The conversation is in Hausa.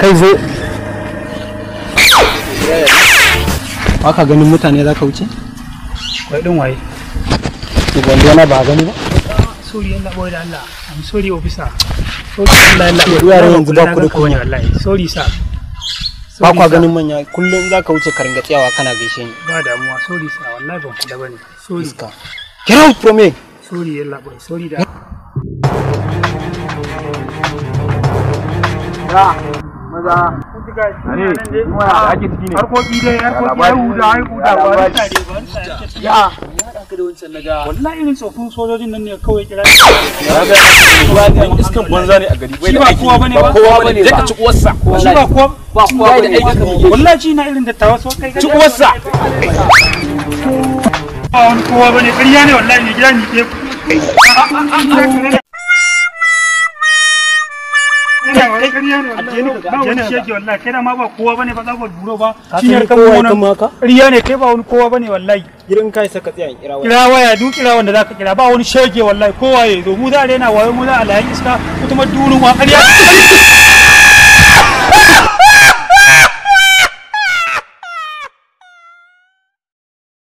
kai zo waka ganin mutane za ka wuce? kwai ɗin waye wanda na ba gani ba sorry Allah boy da Allah I'm sorry officer sorry Allah Allah ya yare yanzu ba ku da kunya wallahi sorry sir ba kwa ganin manya kullum za ka wuce ka ringa tsayawa kana gaishe ni ba damuwa sorry sir wallahi ban kula bane sorry ka get out from me sorry Allah boy sorry da Yeah. maza ne kuma ya ake ciki ne harkoki dai harkoki ya huda ya huda ba ya ya wallahi irin sojojin nan ne kawai kira ne a gari bane ba bane ba ba bane ba bane kai da ma ba kowa bane ba za ka duro ba shi ne kan wannan riya ne kai ba wani kowa bane wallahi girin kai saka tsaya kira waya kira waya duk kira wanda zaka kira ba wani shege wallahi kowa ya zo mu za a rena wayo mu za a layan iska kuma durun wa ƙarya